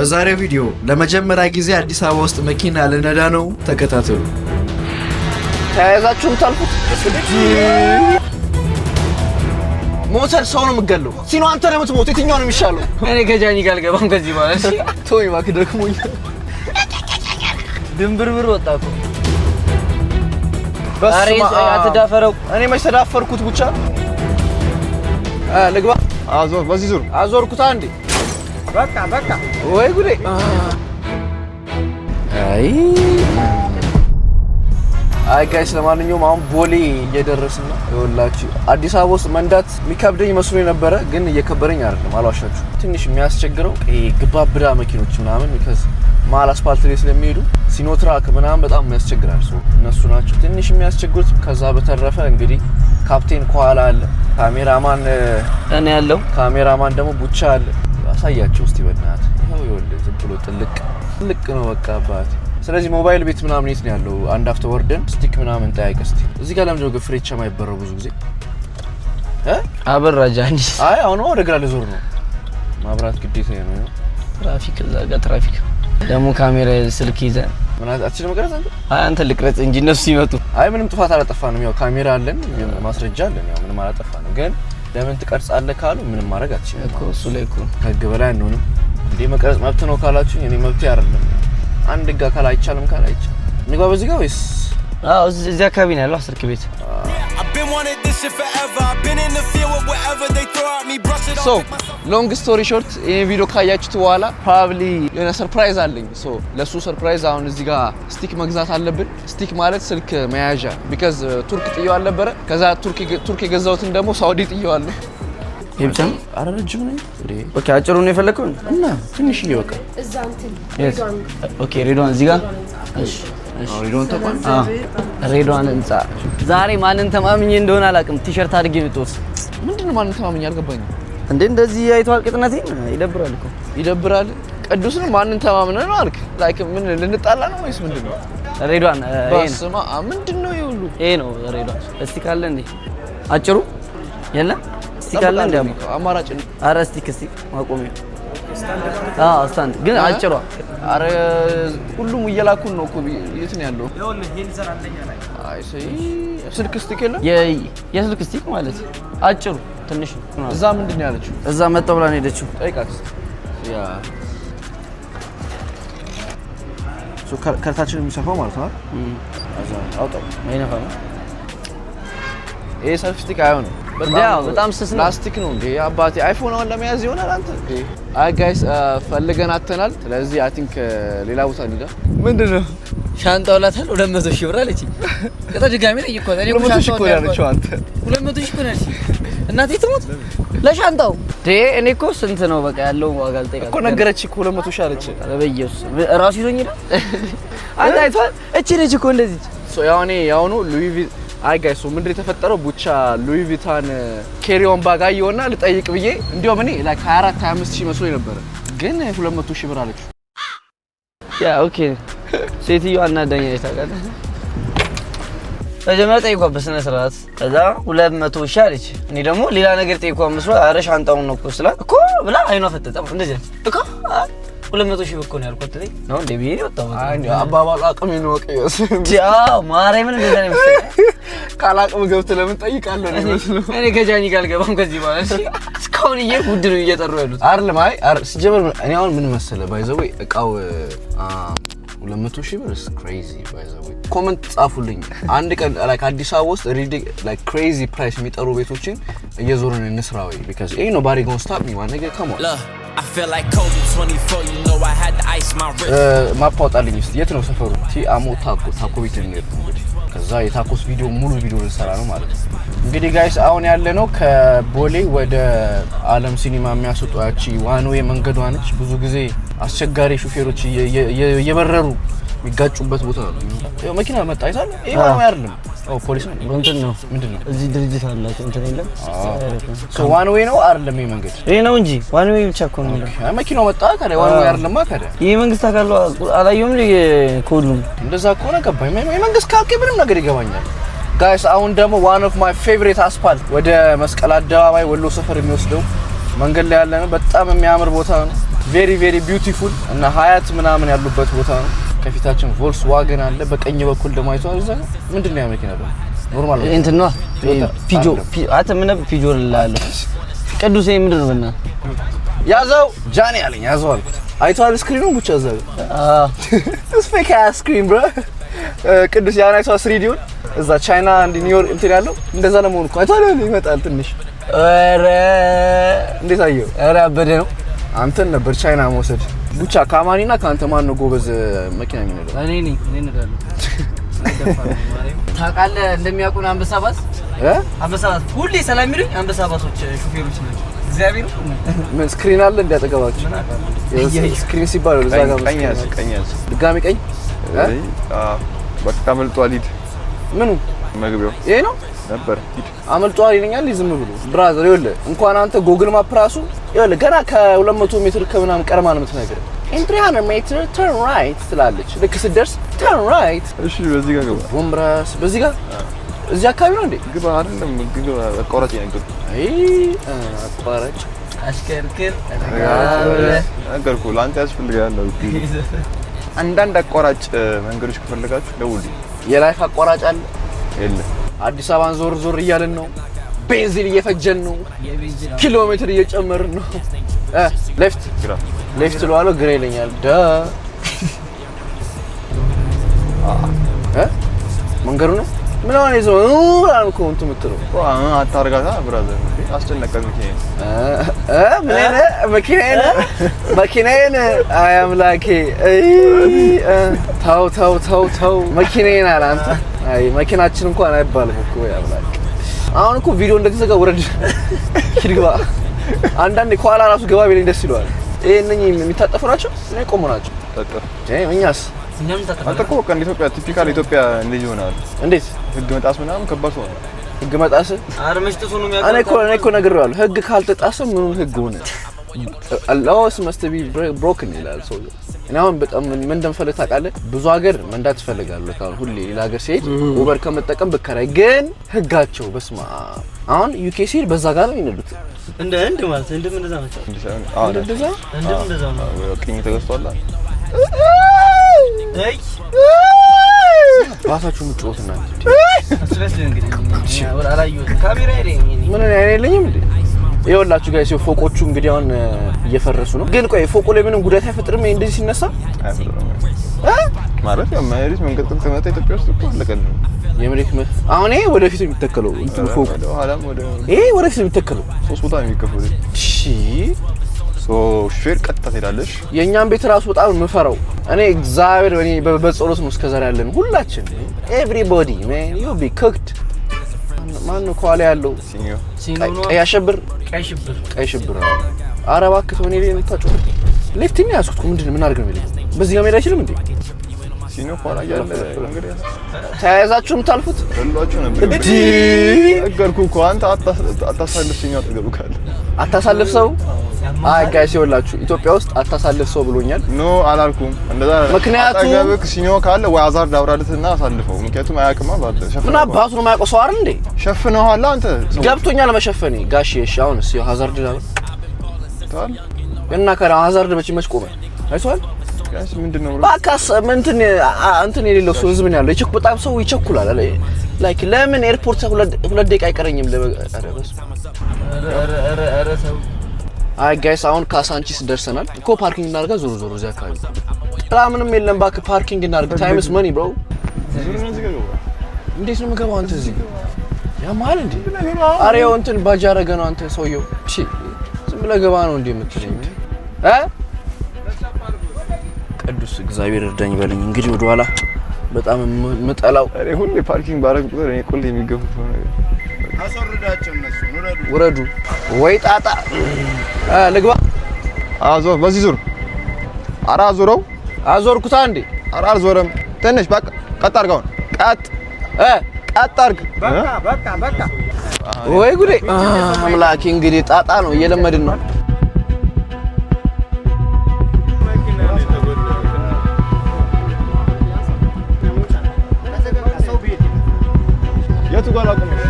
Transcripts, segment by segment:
በዛሬው ቪዲዮ ለመጀመሪያ ጊዜ አዲስ አበባ ውስጥ መኪና ልነዳ ነው። ተከታተሉ። ተያይዛችሁም ታልፉት። ሞተር ሰው ነው የምገለው። ሲኖ አንተ ነው የምትሞት። የትኛው ነው የሚሻለው? እኔ ከጃኒ ጋር አልገባም ከዚህ ማለት ቶኝ፣ ቶሚ እባክህ ደክሞኛል። ድንብርብር ወጣ እኮ አትዳፈረው። እኔ መች ተዳፈርኩት? ብቻ ልግባ። አዞር በዚህ ዙር አዞርኩታ እንዴ በቃ በቃ። ወይ ጉዴ! አይ አይ ጋይስ፣ ለማንኛውም አሁን ቦሌ እየደረስን ነው። ይኸውላችሁ አዲስ አበባ ውስጥ መንዳት የሚከብደኝ መስሎ ነበረ ግን እየከበደኝ አይደለም፣ አልዋሻችሁ። ትንሽ የሚያስቸግረው ግባብዳ መኪኖች ምናምን ከዚ መሀል አስፓልት ላይ ስለሚሄዱ ሲኖትራክ ምናምን በጣም ያስቸግራል። ሰው እነሱ ናቸው ትንሽ የሚያስቸግሩት። ከዛ በተረፈ እንግዲህ ካፕቴን ከኋላ አለ፣ ካሜራማን እኔ ያለው ካሜራማን ደግሞ ቡቻ አለ። አሳያቸው እስቲ በእናት ይኸው ይኸውልህ ዝም ብሎ ጥልቅ ጥልቅ ነው በቃ አባት ስለዚህ ሞባይል ቤት ምናምን የት ነው ያለው? አንድ አፍተ ወርደን ስቲክ ምናምን ጠያቅ እስቲ። እዚህ ጋር ለምንድን ነው ፍሬቻ የማይበረው? ብዙ ጊዜ አበራጃ እንጂ። አይ አሁን ወደ ግራ ልዞር ነው። ማብራት ግዴታ ነው። ትራፊክ፣ እዛ ጋር ትራፊክ። ደግሞ ካሜራ ስልክ ይዘን ምናምን አትችልም መቅረጽ። አይ አንተ ልቅረጽ እንጂ እነሱ ሲመጡ። አይ ምንም ጥፋት አላጠፋንም። ያው ካሜራ አለን፣ ማስረጃ አለን። ያው ምንም አላጠፋንም ግን ለምን ትቀርጻለህ ካሉ ምንም ማድረግ አትችልም እኮ እሱ ላይ እኮ ከህግ በላይ አንሆንም እንዴ መቅረጽ መብት ነው ካላችሁ እኔ መብት አይደለም አንድ ህግ አካል አይቻልም ካል አይቻል ንግባ በዚህ ጋር ወይስ አዎ እዚህ አካባቢ ነው ያለው አስርክ ቤት ሶ ሎንግ ስቶሪ ሾርት ይህን ቪዲዮ ካያችሁት በኋላ ፕሮባብሊ የሆነ ሰርፕራይዝ አለኝ። ሶ ለእሱ ሰርፕራይዝ አሁን እዚህ ጋር ስቲክ መግዛት አለብን። ስቲክ ማለት ስልክ መያዣ። ቢካዝ ቱርክ uh, ጥየው አልነበረ። ከዛ ቱርክ የገዛሁትን ደግሞ ሳውዲ ጥየዋለሁ። የብቻ አረ ረጅም ነው ኦኬ አጭሩ ነው የፈለከው እና ትንሽዬ በቃ እዛ እንትን ኦኬ ሬድዋን እዚህ ጋር እሺ ሬድዋን ህንፃ። ዛሬ ማንን ተማምኜ እንደሆነ አላውቅም። ቲሸርት አድርጌ ብትወስ ምንድን ነው ማንን ተማምኜ አልገባኝም። እንዴ እንደዚህ አይተዋል። ቅጥነቴን ይደብራል እኮ ይደብራል። ቅዱስን ማንን ነው አልክ? ላይክ ምን ልንጣላ ነው ወይስ ምንድን ነው? ሬድዋን ምንድን ነው ይሄ ነው ሬድዋን። እስቲ ካለ እንዴ አጭሩ የለም። እስቲ ካለ እንዴ አማራጭ። እስቲ ማቆሚያ ስታንድ ግን አጭሯ። አረ ሁሉም እየላኩን ነው እኮ። የት ነው ያለው? ስልክ ስቲክ የለም። የስልክ ስቲክ ማለት አጭሩ ትንሽ እዛ ምንድን ነው ያለችው? እዛ መጣሁ ብላ ነው ሄደችው። ጠይቃት። ከርታችን የሚሰፋው ማለት ነው። ይሄ ሰልፍ ስቲክ አይሆንም በጣም ስስ ነው፣ ላስቲክ ነው እንዴ አባቴ። አይፎን አሁን ለመያዝ ይሆናል አንተ። አይ ጋይስ ፈልገን አተናል። ስለዚህ አይ ቲንክ ሌላ ቦታ እንሂዳ። ምንድን ነው ሻንጣው ላታል። ሁለት መቶ ሺህ ብር አለች። ከተደጋጋሚ ላይ እኮ ታዲያ ሁለት መቶ ሺህ እኮ ያለችው አንተ። ሁለት መቶ ሺህ እኮ ነው ያለችው እናቴ ትሞት ለሻንጣው ዴ እኔ እኮ ስንት ነው በቃ ያለው ዋጋ ልጠይቃት እኮ ነገረች እኮ ሁለት መቶ ሺህ አለች። በኢየሱስ ራሱ ይዞኝ ይላል። አንተ አይቷል። እቺ ልጅ እኮ እንደዚህ ያው እኔ ያውኑ ሉዊ አይ ጋይሱ ምንድን የተፈጠረው ቡቻ ሉዊ ቪታን ኬሪዮን ባጋ አየሁና ልጠይቅ ብዬ እንዲሁም እኔ ላይክ 24 25 ሺህ መስሎኝ ነበረ፣ ግን 200 ሺህ ብር አለች። ያ ኦኬ። ሴትዮ አናዳኛ ታውቃለህ። መጀመሪያ ጠይቋ በስነ ስርዓት፣ ከዛ 200 ሺህ አለች። እኔ ደግሞ ሌላ ነገር ጠይቋ መስሎ ኧረ ሻንጣውን ነው እኮ ስላት እኮ ብላ አይኗ ፈጠጠ እንደዚህ እኮ ሁለት መቶ ሺህ እኮ ነው ያልኩት። ነው እንደ ብሄድ ወጣሁ። አባባሉ አቅም ነው ማርያምን እንደዛ ነው የሚሰጠው። ካል አቅም ለምን ጠይቃለሁ እኔ ከጃኒ ጋር አልገባም ከዚህ በኋላ እስካሁን እየሄድኩ ውድ ነው እየጠሩ ያሉት አይደለም። አይ ሲጀመር እኔ አሁን ምን መሰለህ ባይዘው እቃው ሁለት መቶ ሺህ ብር ክሬዚ ባይዘው። ኮመንት ጻፉልኝ። አንድ ቀን ላይክ አዲስ አበባ ውስጥ ሪዲ ላይክ ክሬዚ ፕራይስ የሚጠሩ ቤቶችን እየዞርን እንስራ ወይ ቢካዝ ይሄ ነው ባሪ ጎን ስታፕ ሚ ዋን ነገር ካም ማቋጣልኝ ስ የት ነው ሰፈሩ? አሞ ታኮ ታኮ ቤት እንሄድ እንግዲህ ከዛ የታኮስ ቪዲዮ ሙሉ ቪዲዮ ልንሰራ ነው ማለት ነው። እንግዲህ ጋይስ አሁን ያለ ነው ከቦሌ ወደ አለም ሲኒማ የሚያስወጡ ያቺ ዋናው መንገዷ ነች። ብዙ ጊዜ አስቸጋሪ ሹፌሮች እየበረሩ የሚጋጩበት ቦታ ነው። መኪና መጣ አይታል ይሄ አይደለም ፖሊስ እንትን ነው ምንድን ነው? እዚህ ድርጅት አላቸው እንትን የለም። ሶ ዋን ዌይ ነው አይደለም? ይሄ መንገድ ይሄ ነው እንጂ ዋን ዌይ ብቻ እኮ ነው። መኪናው መጣ ታዲያ ዋን ዌይ አይደለም ታዲያ። ይሄ መንግስት አካል አላየሁም ከሁሉም። እንደዛ ከሆነ ገባኝ። የመንግስት ካልክ ምንም ነገር ይገባኛል። ጋይስ አሁን ደግሞ ዋን ኦፍ ማይ ፌቨሪት አስፓልት ወደ መስቀል አደባባይ ወሎ ሰፈር የሚወስደው መንገድ ላይ ያለ ነው። በጣም የሚያምር ቦታ ነው። ቬሪ ቬሪ ቢዩቲፉል እና ሀያት ምናምን ያሉበት ቦታ ነው። ከፊታችን ቮልስ ዋገን አለ። በቀኝ በኩል ደግሞ አይቷ እዛ ምንድን ነው ያመኪና ነው ኖርማል ነው። እንት ነው ፒጆ አተ ምን ነው ፒጆ እላለሁ። ቅዱሴ ምንድን ነው እና ያዘው ጃኒ አለኝ ያዘው አልኩት። አይቷል ስክሪኑን ብቻ እዛ አዎ ስፔክ ስክሪን ብሮ ቅዱስ ያን አይቷ ስሪዲዮን እዛ ቻይና እንዲ ኒውዮርክ እንትን ያለው እንደዛ ለመሆኑ እኮ አይቷል ይመጣል ትንሽ ኧረ እንዴት አየው ኧረ አበደ ነው አንተን ነበር ቻይና መውሰድ ቡቻ ከአማኒና ከአንተ ማን ነው ጎበዝ መኪና የሚነዳው? እኔ ነኝ። እኔ ነዳለሁ። ታውቃለህ፣ እንደሚያውቁን አንበሳ ባስ አንበሳ ባስ ሁሌ ሰላም አንበሳ ባሶች ሹፌሮች ናቸው። እግዚአብሔር ምን ስክሪን አለ እንዲያጠገባቸው ስክሪን ሲባል እዛ ጋር ቀኝ ቀኝ ያዝ፣ ቀኝ። በቃ መልጧል። ሂድ። ምኑ መግቢያው ይሄ ነው። ነበር አመልጧ ይለኛል። ዝም ብሎ ብራዘር ይኸውልህ፣ እንኳን አንተ ጎግል ማፕ ራሱ ይኸውልህ ገና ከ200 ሜትር ከምናምን ቀርማ ነው የምትነግርህ። ኢን 300 ሜትር ተርን ራይት ትላለች። ልክ ስትደርስ ተርን ራይት። እሺ፣ በዚህ ጋር ገባ ወምራስ፣ በዚህ ጋር እዚህ አካባቢ ነው እንዴ? ግባ አይደለም፣ ግባ አቋራጭ ነገር። አይ አቋራጭ አሽከርክር ነገርኩህ፣ ለአንተ ያስፈልጋል። አንዳንድ አቋራጭ መንገዶች ከፈለጋችሁ ደውሉ። የላይፍ አቋራጭ አለ የለም አዲስ አበባን ዞር ዞር እያልን ነው። ቤንዚን እየፈጀን ነው። ኪሎ ሜትር እየጨመርን ነው። ሌፍት ሌፍት ለዋለው ግራ ይለኛል። ደ መንገዱ ነው ምን ሆነ? ይዘው እኮ እንትን አታርጋታ ብራዘር አስጨነቀኝ። መኪናዬን መኪናዬን አይ አምላኬ፣ ተው ተው ተው ተው መኪናዬን አለ አንተ። አይ መኪናችን እንኳን አይባልም እኮ ያምላክ። አሁን እኮ ቪዲዮ እንደተዘጋ ውረድ፣ ሂድ፣ ግባ። አንዳንዴ ከኋላ ራሱ ገባ ቢለኝ ደስ ይለዋል። ይሄ የሚታጠፉ ናቸው፣ ቆሙ ናቸው። እኛስ አንተ እኮ ከኢትዮጵያ ቲፒካል ኢትዮጵያ ልጅ ሆናል። እንዴት ህግ መጣስ ምናምን ከባድ ሰው ህግ መጣስ እኔ እኮ እኔ እኮ ነግሬዋለሁ። ህግ ካልተጣሰ ምኑን ህግ ሆነ? ሎስ መስት ቢ ብሮክን ይላል ሰው። እኔ አሁን በጣም ምን እንደምፈልግ ታውቃለህ? ብዙ ሀገር መንዳት ትፈልጋለህ። ካሁን ሁሌ ሌላ ሀገር ሲሄድ ኡበር ከመጠቀም ብከራይ ግን ህጋቸው በስማ አሁን ዩኬ ሲሄድ በዛ ጋር ነው የሚነዱት። እንደ እንደ ማለት እንደ እንደዛ ናቸው። አሁን እንደዛ እንደ እንደዛ ነው። ቅኝ ተገዝቷል። አይ ባሳችሁ ምጮት እናንተ ምን አይለኝም እንዴ? ይኸውላችሁ ጋይስ ፎቆቹ እንግዲህ አሁን እየፈረሱ ነው። ግን ቆይ ፎቁ ላይ ምንም ጉዳት አይፈጥርም እንደዚህ ሲነሳ ማለት ያው መሬት መንቀጥቀጥ ከመጣ ኢትዮጵያ ውስጥ እኮ አለቀ ነው። የመሬት መ አሁን ይሄ ወደፊት የሚተከለው እንትኑ ፎቅ ይሄ ወደፊት የሚተከለው ሶስት ቦታ ነው የሚከፈለው። እሺ ሶ ሹፌር ቀጥታ ትሄዳለሽ። የእኛም ቤት ራሱ በጣም የምፈራው እኔ እግዚአብሔር እኔ በጸሎት ነው እስከዛሬ ያለን ሁላችን። ኤቭሪቦዲ ማን ዩ ቢ ኩክድ ማን ነው ከኋላ ያለው ቀይ አሸብር ቀይ ሽብር ቀይ ሽብር። ኧረ እባክህ ተው። እኔ ላይ የምታጮህ ሌፍት ነው ያዝኩት። ምንድን ነው ምን አድርግ ነው የሚለኝ? በዚህ ጋር መሄድ አይችልም እንዴ? ሲኖ ኋላ ያለ እንግዲህ ተያይዛችሁ የምታልፉት ሁላችሁ ነበር እንዴ? ነገርኩህ እኮ አንተ አታሳልፍ። ሲኖ አጠገቡ ካለ አታሳልፍ ሰው ጋሽ ይኸውላችሁ ኢትዮጵያ ውስጥ አታሳልፍ ሰው ብሎኛል። ኖ አላልኩም እንደዛ። ምክንያቱም አጠገብህ ሲኒዮ ካለ ወይ አዛርድ አውራድትና አሳልፈው። ምክንያቱም አያውቅማ ባለ ሸፍነው ምን አባቱ ነው የማያውቀው ሰው አይደል እንዴ? ሸፍነዋል። አንተ ገብቶኛል መሸፈኔ ጋሽ። እሺ አሁን ያው አዛርድ ነው ታል እና ከራ አዛርድ መቼ መች ቆመ አይቷል ጋሽ ምንድን ነው ባካስ እንትን እንትን የሌለው ሰው ህዝብ ነው ያለው። ይቸኩ በጣም ሰው ይቸኩላል። አለ ላይክ ለምን ኤርፖርት ሁለት ደቂቃ አይቀረኝም ለበቃ አይ ጋይስ አሁን ካሳንቺስ ደርሰናል እኮ ፓርኪንግ እናርጋ። ዞሮ ዞሮ እዚያ አካባቢ ጥላ ምንም የለም። እባክህ ፓርኪንግ እናድርግ። ታይምስ መኒ ብሮ። እንዴት ነው የምገባው? አንተ እዚህ ያ ያማል እንዴ? ኧረ ያው እንትን ባጅ አደረገ ነው አንተ ሰውየው። እሺ ዝም ብለህ ገባ ነው እንዴ የምትለኝ እ ቅዱስ እግዚአብሔር እርዳኝ በለኝ። እንግዲህ ወደ ኋላ በጣም የምጠላው ሁሌ ፓርኪንግ ባረግ ቁጥር እኔ ቁልህ የሚገፉት ነው። አስወርዳቸው እነሱ ውረዱ። ወይ ጣጣ ልግባ። አዞ በዚህ ዙር። ኧረ አዞረው። አዞርኩታ እንዴ? ኧረ አልዞረም። ትንሽ በቃ ቀጥ አድርገው። ቀጥ እ ቀጥ አድርግ። በቃ በቃ በቃ። ወይ ጉዴ አምላኬ! እንግዲህ ጣጣ ነው እየለመድን ነው። የቱ ጋር ላቁምሽ?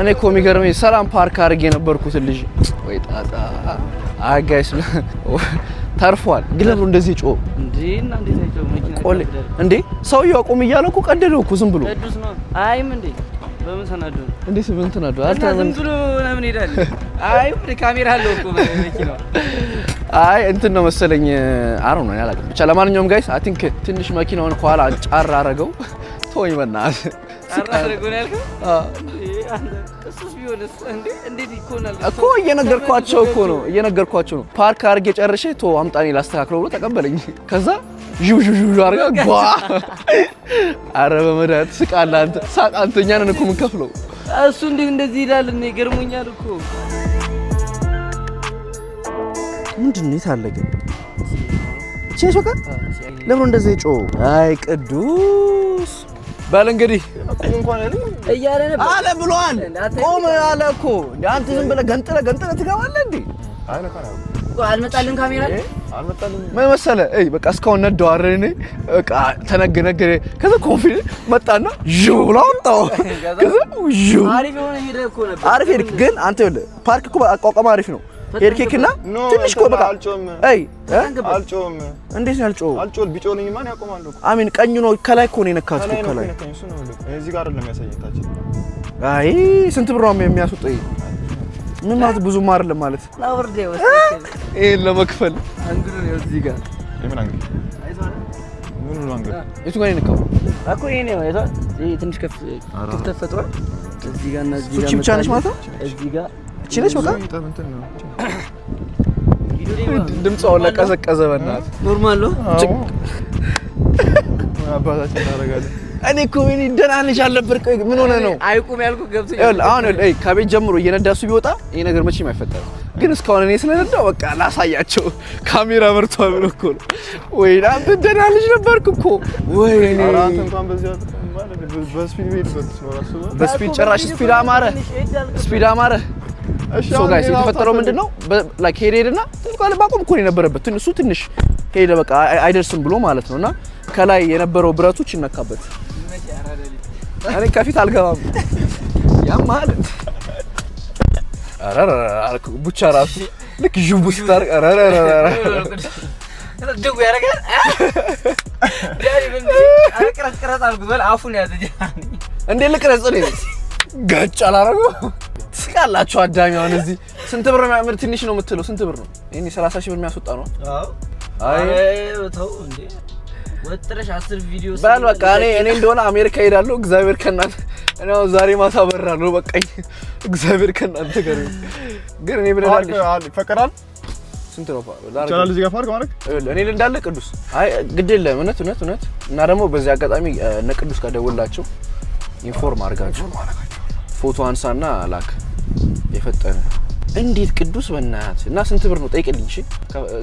እኔ እኮ የሚገርመኝ ሰላም ፓርክ አድርጌ የነበርኩት ልጅ ወይ ጣጣ አጋይስ ተርፏል። ግለሉ እንደዚህ ጮ እንዴ ሰውዬው አቁም እያለው እኮ ቀደደው እኮ ዝም ብሎ አይም እንዴ በምን ተናዶ እንዴ ስምን ተናዶ አልተናዶ ዝም ብሎ ለምን ሄዳል? አይ ካሜራ አለው እኮ አይ እንትን ነው መሰለኝ አሩ ነው ያላቀ ብቻ። ለማንኛውም ጋይስ አይ ቲንክ ትንሽ መኪናውን ከኋላ ጫራ አረገው። ተወኝ በእናትህ ጫራ አረገው ነው ያልከው? አዎ እኮ እየነገርኳቸው እኮ ነው እየነገርኳቸው ነው። ፓርክ አድርጌ ጨርሼ ቶ አምጣኔ ላስተካክለው ብሎ ተቀበለኝ። ከዛ ዥብዥብዥ አርጋ ጓ አረ በመድኃኒት ስቃለህ አንተ ሳቅ አንተ እኛን እኮ የምንከፍለው እሱ እንዴት እንደዚህ ይላል? እኔ ገርሞኛል እኮ ምንድን ነው የታለገ ቼሾ ለምን እንደዚህ ጮ አይ ቅዱስ በል እንግዲህ እያለ ነበር አለ ብሏል። ቆም አለ እኮ አንተ ዝም ብለህ ገንጥለህ ገንጥለህ ትገባለህ እንዴ? አልመጣልን ካሜራ ምን መሰለህ? አይ በቃ እስካሁን ነዳው አይደል? በቃ ተነገ ነገ ከዛ ኮንፊደንስ መጣና ዩ ብሎ አወጣው። ከዛ ዩ አሪፍ ሆነ። ሄደህ እኮ ነበር። አሪፍ ሄድክ ግን አንተ ይኸውልህ ፓርክ እኮ አቋቋም አሪፍ ነው ሄድኬክና ትንሽ ቆይ፣ በቃ አይ አልጮም። እንዴት ነው ያልጮህ? አልጮል ቢጮልኝ ማን ያቆማለሁ? አሚን ቀኙ ነው ከላይ እኮ ነው የነካሁት እኮ ከላይ። እዚህ ጋር አይደለም ያሳየታችሁ። አይ ስንት ብር ነው የሚያስወጣው? ምን ማለት ብዙ ማር ለማለት ይሄን ለመክፈል አንግዱን ነው እዚህ ጋር ምን አንግድ እሱ ጋር የነካው እኮ ይሄ ነው አይቷ። ይሄ ትንሽ ከፍ ተፈጥሯል። እዚህ ጋር እና እዚህ ጋር ብቻ ነሽ ማለት ነው እዚህ ጋር ችለሽ በቃ ድምፅ አሁን ለቀዘቀዘ በናት ኖርማል ነው። አባታችን እናደርጋለን። እኔ እኮ ምን ደናንሽ አልነበር? ቆይ ምን ሆነ ነው አይቁም ያልኩ ገብቶ ይል አሁን እይ ከቤት ጀምሮ እየነዳ እሱ ቢወጣ ይሄ ነገር መቼም አይፈጠርም። ግን እስካሁን እኔ ስለነዳው በቃ ላሳያቸው ካሜራ መርቷል ብሎ እኮ ነው። ወይ አንተ ደናንሽ ነበርክ እኮ ወይ እኔ እንኳን በዚህ በስፒድ ጭራሽ ስፒድ አማረ፣ ስፒድ አማረ ሶ ጋይስ የተፈጠረው ምንድነው ላይክ ሄድ ሄድና ትልቋል ባቆም እኮ ነው የነበረበት። እሱ ትንሽ ሄደ በቃ አይደርስም ብሎ ማለት ነውና ከላይ የነበረው ብረቶች ይነካበት። እኔ ከፊት አልገባም። ያ ያማል አራራ ቡቻ ራሱ ልክ ዥቡ ስታር አራራ ድጉ ያደርጋል። እንዴ ልቅረጽ ነው ገጭ አላረገው። ትስቃላችሁ አዳሚ። አሁን እዚህ ስንት ብር የሚያምር ትንሽ ነው የምትለው? ስንት ብር ነው? ይሄኔ ሺህ ብር የሚያስወጣ ነው። በቃ እኔ እኔ እንደሆነ አሜሪካ ሄዳለሁ። እግዚአብሔር ከእናንተ እኔ ዛሬ ማታ በራለሁ። እግዚአብሔር ከእናንተ ጋር ግን እኔ ይፈቀዳል። ስንት ነው እኔ እንዳለ ቅዱስ አይ ግድ የለም እውነት እውነት እውነት። እና ደግሞ በዚህ አጋጣሚ እነ ቅዱስ ጋር ደውላቸው ኢንፎርም አድርጋችሁ ፎቶ አንሳና ላክ የፈጠነ እንዴት ቅዱስ በእናት እና ስንት ብር ነው ጠይቅልኝ። እሺ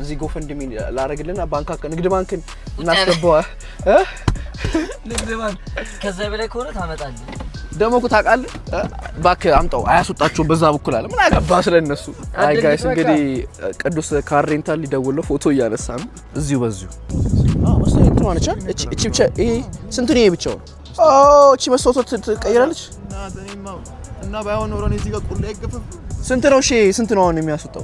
እዚህ ጎፈንድሚ ላረግልና ባንክ ንግድ ባንክን እናስገባዋ ንግድ ባንክ ከዛ በላይ ከሆነ ታመጣለህ። ደግሞ እኮ ታውቃለህ፣ እባክህ አምጣው አያስወጣቸውም። በዛ በኩል አለ ምን አገባ ስለ ስለነሱ። አይ ጋይስ እንግዲህ ቅዱስ ካሬንታል ሬንታል ሊደውል ነው። ፎቶ እያነሳ ነው እዚሁ በዚሁ። አዎ መሰለኝ እንትኗ ነች። እቺ ይሄ ስንት ነው ይሄ ብቻውን እቺ መስታወት ትቀይራለች እና ባይሆን ኖሮ እዚህ ጋር ቁላ አይገፈፍ። ስንት ነው? እሺ ስንት ነው አሁን የሚያስወጣው?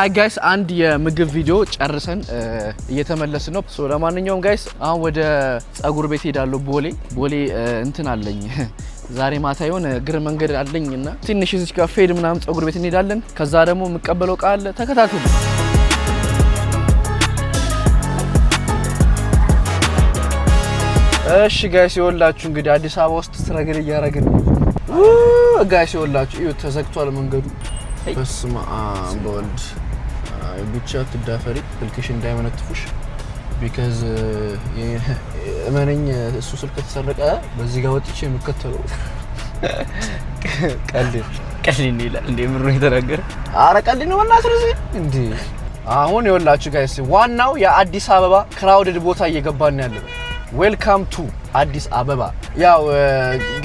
አይ ጋይስ አንድ የምግብ ቪዲዮ ጨርሰን እየተመለስን ነው። ሶ ለማንኛውም ጋይስ አሁን ወደ ጸጉር ቤት ሄዳለሁ። ቦሌ ቦሌ እንትን አለኝ ዛሬ ማታ የሆነ እግር መንገድ አለኝ እና ትንሽ እዚች ጋር ፌድ ምናምን ጸጉር ቤት እንሄዳለን። ከዛ ደግሞ የምቀበለው ቃል ተከታተሉ። እሺ ጋይስ ይወላችሁ እንግዲህ አዲስ አበባ ውስጥ ስረግድ እያረግን ጋይስ ይወላችሁ እዩ ተዘግቷል መንገዱ። በስመ አብ በወልድ ብቻ ትዳፈሪ ስልክሽ እንዳይመነትፉሽ ቢካዝ እመነኝ እሱ ስልክ ተሰረቀ። በዚህ ጋር ወጥቼ የምከተለው ቀልድ ቀልድ ይላል እንዴ ምሮ የተናገረ አረ ቀልድ ነው እና ስለዚህ እንዴ አሁን ይወላችሁ ጋይስ ዋናው የአዲስ አበባ ክራውድድ ቦታ እየገባን ያለው ዌልካም ቱ አዲስ አበባ። ያው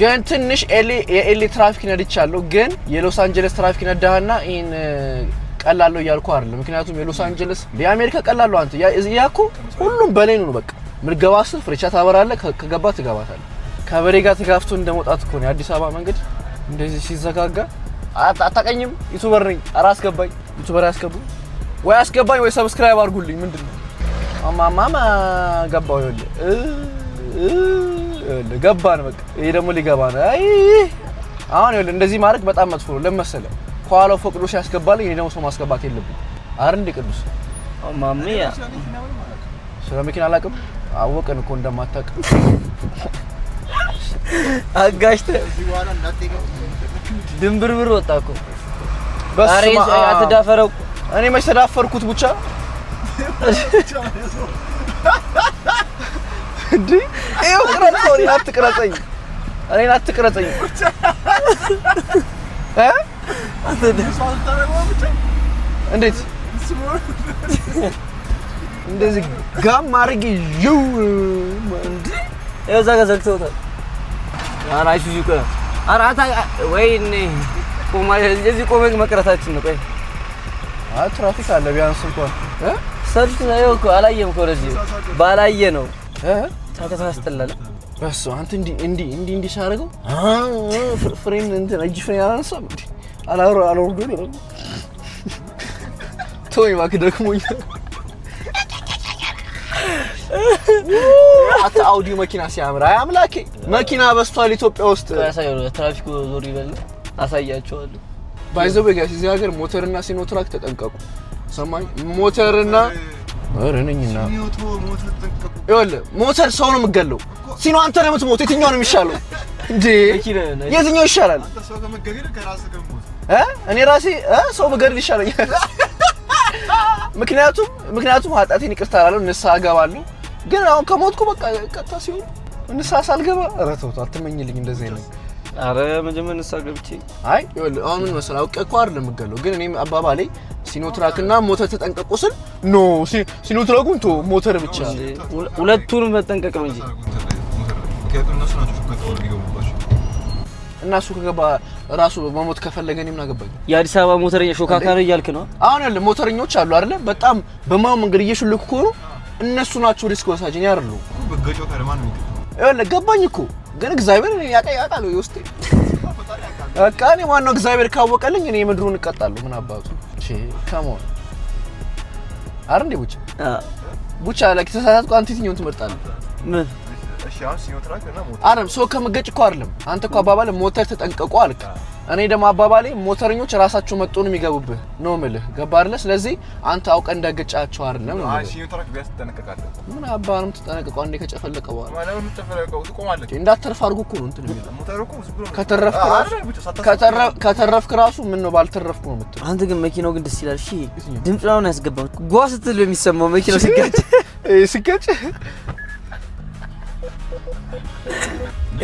ግን ትንሽ የኤሌ ትራፊክ ነድቻለሁ፣ ግን የሎስ አንጀለስ ትራፊክ ነዳህና ይህን ቀላለው እያልኩ አይደለም። ምክንያቱም የሎስ አንጀለስ የአሜሪካ ቀላለው አንተ ያኩ ሁሉም በሌን ነው። በቃ ምልገባ ስር ፍሬቻ ታበራለ፣ ከገባ ትገባታለህ። ከበሬ ጋር ተጋፍቶ እንደመውጣት ከሆነ የአዲስ አበባ መንገድ እንደዚህ ሲዘጋጋ አታቀኝም። ዩቱበር ነኝ። ኧረ አስገባኝ፣ ዩቱበር አያስገቡም ወይ? አስገባኝ ወይ ሰብስክራይብ አድርጉልኝ። ምንድን ነው ማማማ ገባው። ይኸውልህ ገባን፣ በቃ ይሄ ደግሞ ሊገባ ነው። አይ አሁን ይኸውልህ እንደዚህ ማድረግ በጣም መጥፎ ነው። ለምን መሰለህ? ከኋላው ፈቅዶ ሲያስገባል፣ እኔ ደግሞ ሰው ማስገባት የለብኝም። አረ እንደ ቅዱስ ማሚያ ስለ መኪና አላውቅም። አወቅን እኮ እንደማታውቅ አጋሽተ ድንብርብር ወጣ እኮ። በስመ አብ አትዳፈረው። እኔ መች ተዳፈርኩት ብቻ እንዴ ይኸው ቅረጸው። እኔን አትቅረጸኝ፣ እኔን አትቅረጸኝ። እንዴት እንደዚህ ጋም አድርጌ ይው እዛ ጋር ዘግተውታል። ኧረ አይሱዙ ቆይ፣ ኧረ ወይኔ ቆማ እዚህ ቆመን መቅረታችን ነው። ቆይ ትራፊክ አለ ቢያንስ እንኳን ሰልፍ ነው እኮ አላየም እኮ ረጂ ባላየ ነው ጫጫታ በሱ አንተ እንዲ እንዲ እንዲ እንዲ ሳደርገው ፍሬን እንትን እጅ ፍሬን አላነሳም እንዴ? አላወራ አላወርዶ ቶይ ማክ ደክሞኝ አታ አውዲ መኪና ሲያምር አይ አምላኬ መኪና በስቷል ኢትዮጵያ ውስጥ። ያሳየው ትራፊኩ ዞር ይበል አሳያቸዋለሁ። ባይዘው በጋሽ እዚህ ሀገር ሞተርና ሲኖትራክ ተጠንቀቁ። ሰማኝ ሞተርና ረነኝና ሞተር ሰው ነው የምገለው። ሲኖ አንተ ነው የምትሞት። የትኛው ነው የሚሻለው? እንዴ የትኛው ይሻላል? እኔ ራሴ ሰው ብገድል ይሻለኛል። ምክንያቱም ምክንያቱም ኃጢአቴን ይቅርታ እላለሁ፣ ንስሐ እገባለሁ። ግን አሁን ከሞትኩ በቃ ቀጥታ ሲሆን ንስሐ ሳልገባ ኧረ ተው አትመኝልኝ እንደዚህ አይነት አረ መጀመሪያ ንስሐ ገብቼ አይ አሁን ምን መሰለህ አውቄ እኮ አይደለም የምገለው፣ ግን እኔም አባባሌ ሲኖትራክ እና ሞተር ተጠንቀቁ ስል ኖ ሲኖትራኩን ቶ ሞተር ብቻ ሁለቱንም መጠንቀቅ ነው እንጂ እናሱ ከገባ ራሱ መሞት ከፈለገ እኔ ምን አገባኝ? የአዲስ አበባ ሞተረኛ ሾካካሪ እያልክ ነው አሁን? ያለ ሞተረኞች አሉ አይደለ? በጣም በማው መንገድ እየሹልኩ ከሆኑ እነሱ ናቸው ሪስክ ወሳጅ። እኔ አይደለሁም። ይኸውልህ ገባኝ እኮ ግን እግዚአብሔር እኔ ያውቃል ውስጤ። በቃ እኔ ዋናው እግዚአብሔር ካወቀልኝ እኔ ምድሩን እቀጣለሁ። ምን አባቱ ቡቼ ከመሆን አረ እንዴ ቡቼ ቡቻ ላይክ ተሳሳትኩ። አንተ የትኛውን ትመርጣለህ? ምን ሞተር ሰው ከመገጭ እኮ አይደለም። አንተ እኮ አባባል ሞተር ተጠንቀቁ አልክ። እኔ ደግሞ አባባሌ ሞተርኞች ራሳቸው መጥቶ ነው የሚገቡብህ ነው የምልህ። ገባህ አይደለ? ስለዚህ አንተ አውቀህ እንዳገጫቸው አይደለም ነው። ምን አባህ ነው የምትጠነቀቀው? አንዴ ከጨፈለቀ በኋላ ማለት እንዳትተርፍ አድርጎ እኮ ነው እንትን የሚለው ከተረፍክ ራሱ ምን ነው ባልተረፍኩ ነው የምትለው አንተ። ግን መኪናው ግን ደስ ይላል። እሺ ድምፅ ምናምን ያስገባው ጓ ስትል የሚሰማው መኪናው ሲጋጭ እይ ሲጋጭ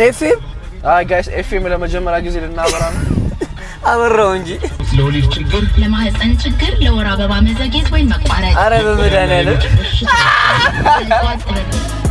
ኤፍኤም አይ ጋይስ ኤፍኤም ለመጀመሪያ ጊዜ ልናበራ ነው አበራው እንጂ ለወሊድ ችግር፣ ለማህፀን ችግር፣ ለወር አበባ መዘግየት ወይም መቋረጥ አረ በመድኃኒዓለም